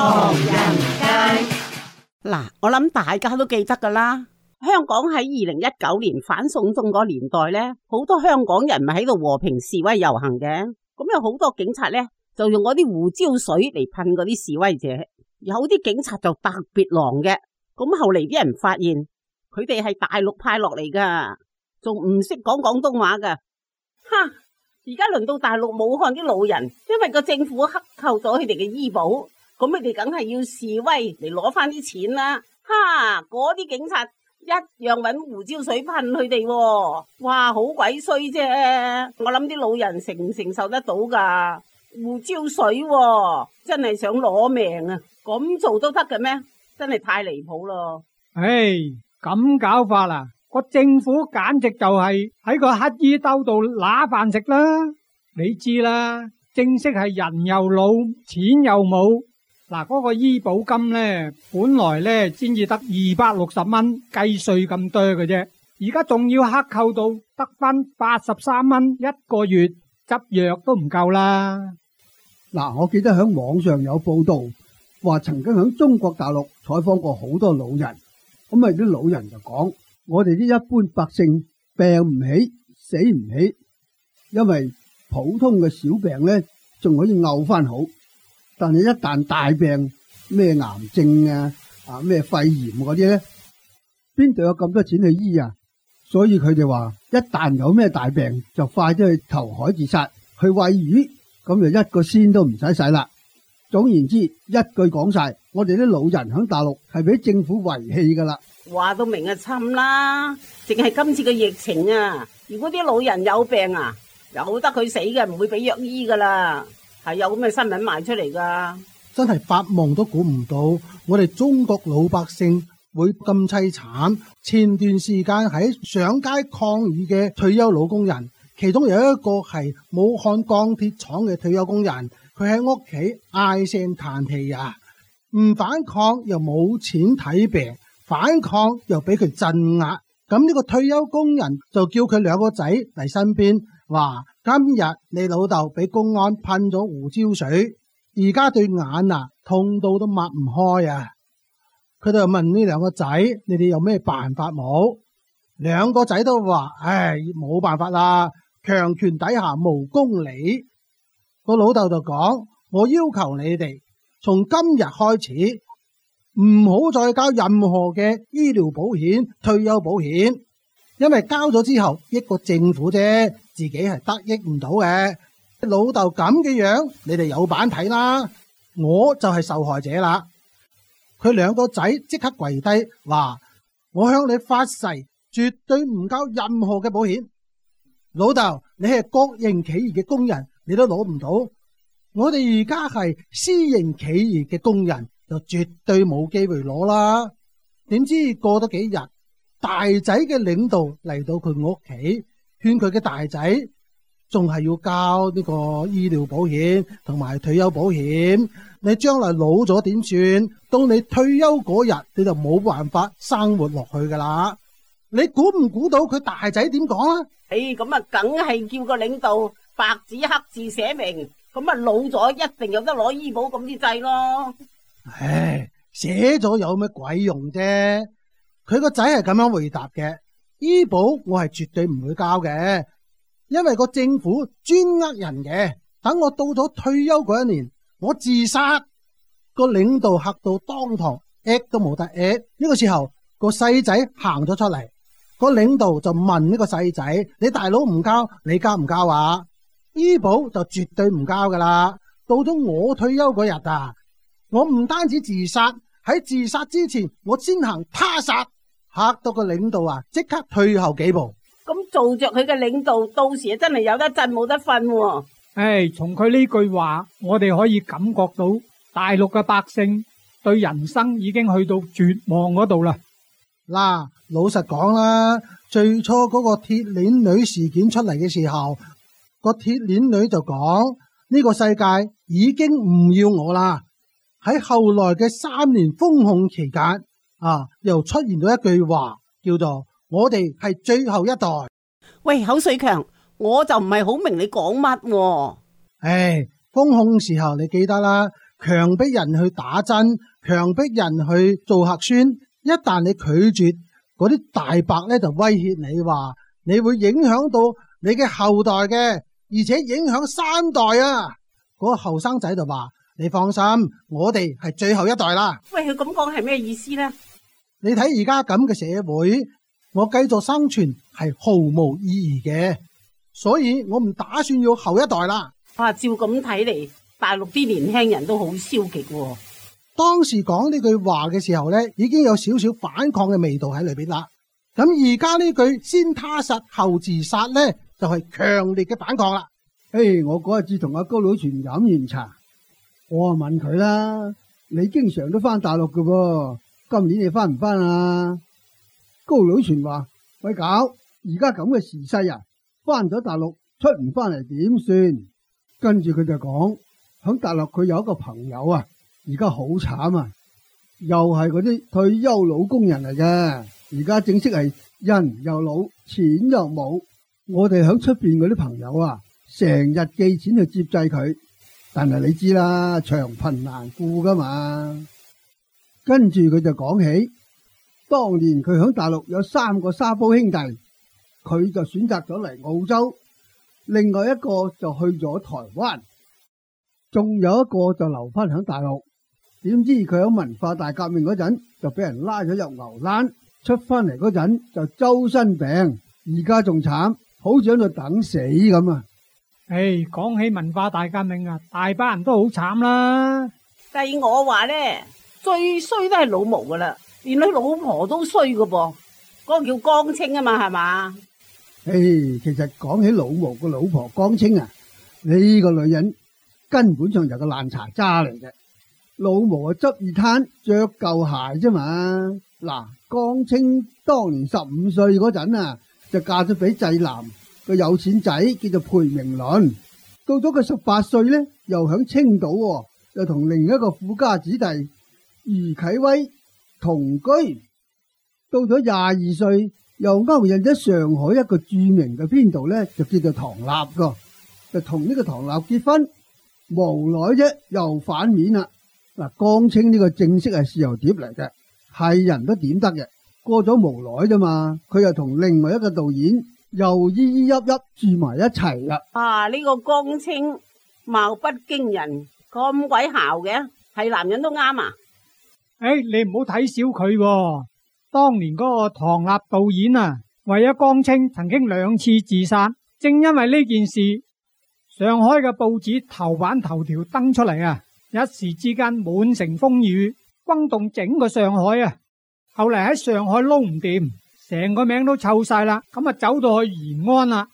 唐人街嗱，我諗大家都記得噶啦。香港喺二零一九年反送中嗰年代呢，好多香港人咪喺度和平示威遊行嘅。咁有好多警察呢，就用嗰啲胡椒水嚟噴嗰啲示威者。有啲警察就特別狼嘅。咁後嚟啲人發現佢哋係大陸派落嚟噶，仲唔識講廣東話噶。哈！而家輪到大陸武漢啲老人，因為個政府克扣咗佢哋嘅醫保。咁你哋梗係要示威嚟攞翻啲錢啦！哈，嗰啲警察一樣搵胡椒水噴佢哋，哇，好鬼衰啫！我諗啲老人承唔承受得到噶？胡椒水真係想攞命啊！咁做都得嘅咩？真係太離譜咯！唉，咁搞法啦，個政府簡直就係喺個乞衣兜度揦飯食啦！你知啦，正式係人又老，錢又冇。嗱，嗰個醫保金咧，本來咧先至得二百六十蚊，計稅咁多嘅啫，而家仲要克扣到得翻八十三蚊一個月，執藥都唔夠啦。嗱，我記得響網上有報道，話曾經響中國大陸採訪過好多老人，咁啊啲老人就講，我哋啲一般百姓病唔起，死唔起，因為普通嘅小病咧，仲可以拗翻好。但係一旦大病咩癌症啊啊咩肺炎嗰啲咧，邊度有咁多錢去醫啊？所以佢哋話，一旦有咩大病，就快啲去投海自殺，去餵魚，咁就一個仙都唔使使啦。總言之，一句講晒，我哋啲老人喺大陸係俾政府遺棄噶啦。話到明啊，慘啦！淨係今次嘅疫情啊，如果啲老人有病啊，由得佢死嘅，唔會俾藥醫噶啦。係有咁嘅新聞賣出嚟噶真係發夢都估唔到，我哋中國老百姓會咁淒慘。前段時間喺上街抗議嘅退休老工人，其中有一個係武漢鋼鐵廠嘅退休工人，佢喺屋企唉聲嘆氣啊，唔反抗又冇錢睇病，反抗又俾佢鎮壓。咁呢個退休工人就叫佢兩個仔嚟身邊，話。今日你老豆俾公安噴咗胡椒水，而家對眼啊痛到都擘唔開啊！佢就問呢兩個仔：你哋有咩辦法冇？兩個仔都話：唉，冇辦法啦！強權底下無公理。個老豆就講：我要求你哋從今日開始，唔好再交任何嘅醫療保險、退休保險。因為交咗之後，一個政府啫，自己係得益唔到嘅。老豆咁嘅樣，你哋有板睇啦。我就係受害者啦。佢兩個仔即刻跪低，話我向你發誓，絕對唔交任何嘅保險。老豆，你係國營企業嘅工人，你都攞唔到。我哋而家係私營企業嘅工人，就絕對冇機會攞啦。點知過咗幾日？大仔嘅領導嚟到佢屋企勸佢嘅大仔，仲係要交呢個醫療保險同埋退休保險。你將來老咗點算？到你退休嗰日，你就冇辦法生活落去噶啦。你估唔估到佢大仔點講啊？誒，咁啊，梗係叫個領導白紙黑字寫明，咁啊老咗一定有得攞醫保咁啲制咯。唉，寫咗有咩鬼用啫？佢個仔係咁樣回答嘅：醫保我係絕對唔會交嘅，因為個政府專呃人嘅。等我到咗退休嗰一年，我自殺，個領導嚇到當堂嗌都冇得嗌。呢個時候個細仔行咗出嚟，個領導就問呢個細仔：你大佬唔交，你交唔交啊？醫保就絕對唔交噶啦。到咗我退休嗰日啊，我唔單止自殺，喺自殺之前，我先行他殺。吓到個領導啊！即刻退後幾步。咁做着佢嘅領導，到時真係有得震冇得瞓喎。唉，從佢呢句話，我哋可以感覺到大陸嘅百姓對人生已經去到絕望嗰度啦。嗱，老實講啦，最初嗰個鐵鏈女事件出嚟嘅時候，個鐵鏈女就講：呢個世界已經唔要我啦。喺後來嘅三年封控期間。啊！又出現咗一句話，叫做我哋係最後一代。喂，口水強，我就唔係好明你講乜、啊。唉、哎，封控時候你記得啦，強逼人去打針，強逼人去做核酸。一旦你拒絕，嗰啲大伯咧就威脅你話，你會影響到你嘅後代嘅，而且影響三代啊。嗰、嗰個後生仔就話：你放心，我哋係最後一代啦。喂，佢咁講係咩意思呢？你睇而家咁嘅社會，我繼續生存係毫無意義嘅，所以我唔打算要後一代啦。哇、啊，照咁睇嚟，大陸啲年輕人都好消極、啊。當時講呢句話嘅時候咧，已經有少少反抗嘅味道喺裏邊啦。咁而家呢句先他殺後自殺咧，就係強烈嘅反抗啦。誒，我嗰日至同阿高老泉飲完茶，我啊問佢啦，你經常都翻大陸㗎喎。今年你翻唔翻啊？高老全話，喂，搞，而家咁嘅時勢啊，翻咗大陸出唔翻嚟點算？跟住佢就講，響大陸佢有一個朋友啊，而家好慘啊，又係嗰啲退休老工人嚟嘅，而家正式係人又老，錢又冇，我哋響出邊嗰啲朋友啊，成日寄錢去接濟佢，但係你知啦，長貧難顧噶嘛。跟住佢就講起，當年佢喺大陸有三個沙煲兄弟，佢就選擇咗嚟澳洲，另外一個就去咗台灣，仲有一個就留翻響大陸。點知佢喺文化大革命嗰陣就俾人拉咗入牛欄，出翻嚟嗰陣就周身病，而家仲慘，好似喺度等死咁啊！唉、哎，講起文化大革命啊，大把人都好慘啦。但係我話咧。最衰都係老毛噶啦，連佢老婆都衰噶噃，嗰、那個叫江青啊嘛，係嘛？唉，hey, 其實講起老毛個老婆江青啊，呢、這個女人根本上就係個爛茶渣嚟嘅。老毛攤啊，執二攤着舊鞋啫嘛。嗱，江青當年十五歲嗰陣啊，就嫁咗俾濟南個有錢仔叫做裴明倫。到咗佢十八歲咧，又響青島哦、啊，又同另一個富家子弟，余啟威同居，到咗廿二歲又勾引咗上海一個著名嘅編導咧，就叫做唐立噶，就同呢個唐立結婚。無耐啫，又反面啦。嗱，江青呢個正式係豉油碟嚟嘅，係人都點得嘅。過咗無耐啫嘛，佢又同另外一個導演又依依喐喐住埋一齊啦。啊，呢個江青貌不驚人，咁鬼姣嘅，係男人都啱啊！誒、哎，你唔好睇小佢、啊，當年嗰個唐納導演啊，為咗江青曾經兩次自殺，正因為呢件事，上海嘅報紙頭版頭條登出嚟啊，一時之間滿城風雨，轟動整個上海啊。後嚟喺上海撈唔掂，成個名都臭晒啦，咁啊走到去延安啦。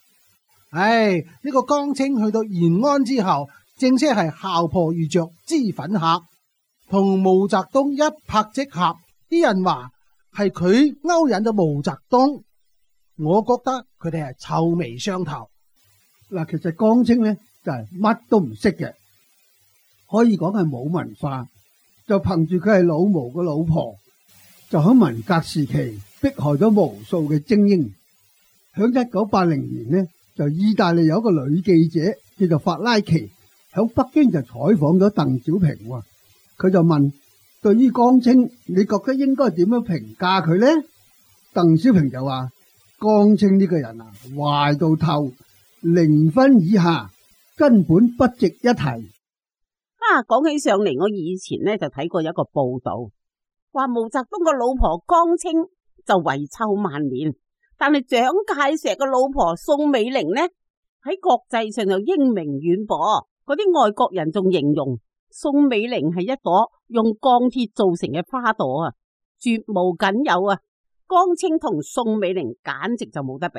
唉、哎，呢、這個江青去到延安之後，正式係姣婆遇着脂粉客。同毛澤東一拍即合，啲人話係佢勾引咗毛澤東。我覺得佢哋係臭味相投嗱。其實江青咧就係乜都唔識嘅，可以講係冇文化，就憑住佢係老毛嘅老婆，就喺文革時期迫害咗無數嘅精英。響一九八零年呢，就意大利有一個女記者叫做法拉奇，響北京就採訪咗鄧小平喎。佢就問：對於江青，你覺得應該點樣評價佢呢？鄧小平就話：江青呢個人啊，壞到透，零分以下，根本不值一提。啊，講起上嚟，我以前呢就睇過一個報道，話毛澤東個老婆江青就遺臭萬年，但係蔣介石個老婆宋美齡呢，喺國際上又英明遠播，嗰啲外國人仲形容，宋美齡係一朵用鋼鐵造成嘅花朵啊，絕無僅有啊！江青同宋美齡簡直就冇得比，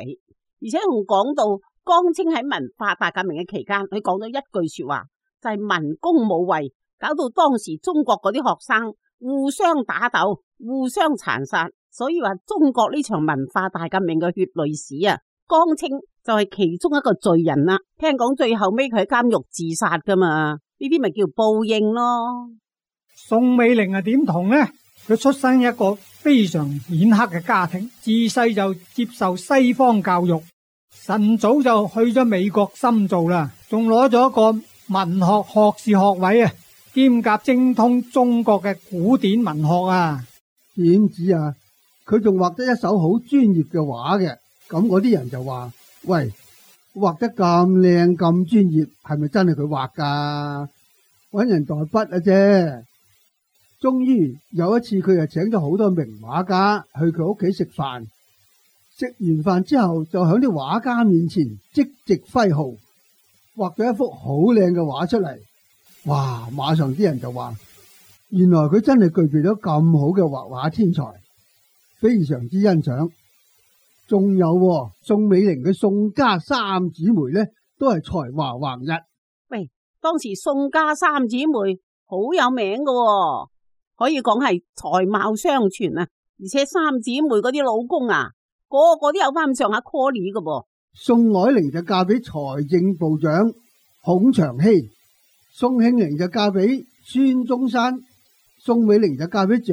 而且同講到江青喺文化大革命嘅期間，佢講咗一句說話，就係、是、文攻武衛，搞到當時中國嗰啲學生互相打鬥、互相殘殺，所以話中國呢場文化大革命嘅血淚史啊，江青就係其中一個罪人啦。聽講最後尾佢喺監獄自殺噶嘛。呢啲咪叫報應咯。宋美齡啊，點同呢？佢出生一個非常顯赫嘅家庭，自細就接受西方教育，晨早就去咗美國深造啦，仲攞咗個文學學士學位啊，兼夾精通中國嘅古典文學啊。點止啊？佢仲畫得一首好專業嘅畫嘅，咁嗰啲人就話：喂！畫得咁靚咁專業，係咪真係佢畫噶？搵人代筆啊啫！終於有一次，佢就請咗好多名畫家去佢屋企食飯，食完飯之後就喺啲畫家面前即席揮毫，畫咗一幅好靚嘅畫出嚟。哇！馬上啲人就話，原來佢真係具備咗咁好嘅畫畫天才，非常之欣賞。仲有宋美齡嘅宋家三姊妹咧，都係才華橫溢。喂，當時宋家三姊妹好有名噶喎，可以講係才貌雙全啊！而且三姊妹嗰啲老公啊，個個都有翻咁上下 quality 嘅噃。宋靄齡就嫁俾財政部長孔祥熙，宋慶齡就嫁俾孫中山，宋美齡就嫁俾蔣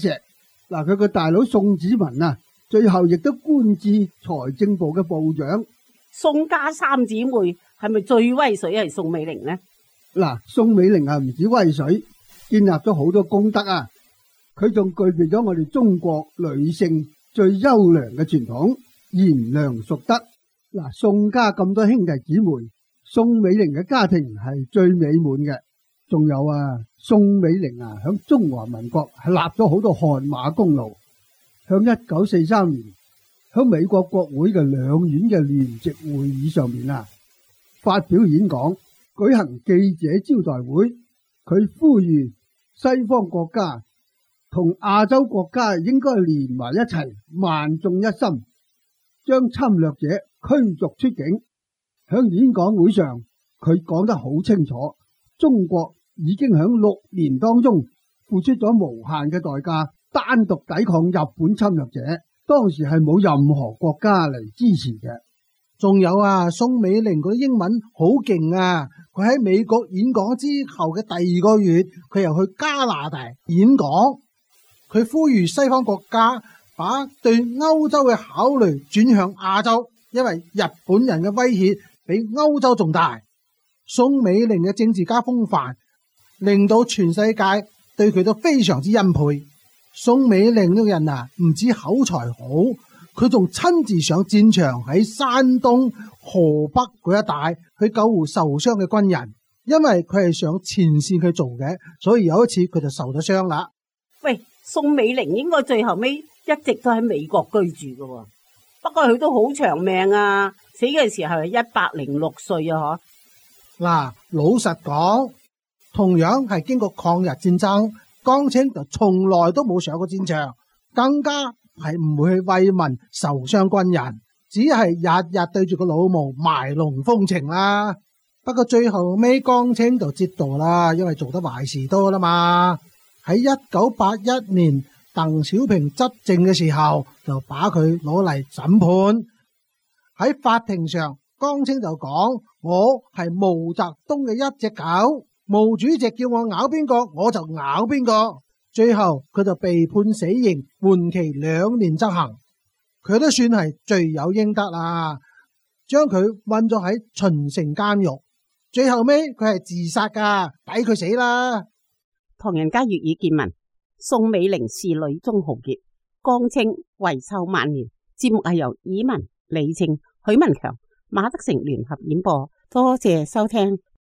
介石。嗱，佢個大佬宋子文啊。最後亦都官至財政部嘅部長。宋家三姊妹係咪最威水係宋美齡呢？嗱，宋美齡啊，唔止威水，建立咗好多功德啊！佢仲具備咗我哋中國女性最優良嘅傳統賢良淑德。嗱，宋家咁多兄弟姊妹，宋美齡嘅家庭係最美滿嘅。仲有啊，宋美齡啊，響中華民國係立咗好多汗馬功勞。向一九四三年，響美國國會嘅兩院嘅聯席會議上面啊，發表演講，舉行記者招待會，佢呼籲西方國家同亞洲國家應該連埋一齊，萬眾一心，將侵略者驅逐出境。響演講會上，佢講得好清楚，中國已經響六年當中付出咗無限嘅代價。單獨抵抗日本侵略者，當時係冇任何國家嚟支持嘅。仲有啊，宋美齡嗰啲英文好勁啊！佢喺美國演講之後嘅第二個月，佢又去加拿大演講。佢呼籲西方國家把對歐洲嘅考慮轉向亞洲，因為日本人嘅威脅比歐洲仲大。宋美齡嘅政治家風範令到全世界對佢都非常之欽佩。宋美齡呢個人啊，唔止口才好，佢仲親自上戰場喺山東、河北嗰一帶去救護受傷嘅軍人。因為佢係上前線去做嘅，所以有一次佢就受咗傷啦。喂，宋美齡應該最後尾一直都喺美國居住噶，不過佢都好長命啊，死嘅時候係一百零六歲啊！嗬，嗱，老實講，同樣係經過抗日戰爭。江青就從來都冇上過戰場，更加係唔會去慰問受傷軍人，只係日日對住個老毛賣弄風情啦。不過最後尾江青就折墮啦，因為做得壞事多啦嘛。喺一九八一年鄧小平執政嘅時候，就把佢攞嚟審判。喺法庭上，江青就講，我係毛澤東嘅一隻狗。毛主席叫我咬邊個，我就咬邊個。最後佢就被判死刑，緩期兩年執行，佢都算係罪有應得啦！將佢韞咗喺秦城監獄，最後尾佢係自殺噶，抵佢死啦。唐人街粵語見聞，宋美齡是女中豪傑，江青遺臭萬年。節目係由以文、李靜、許文強、馬德成聯合演播，多謝收聽。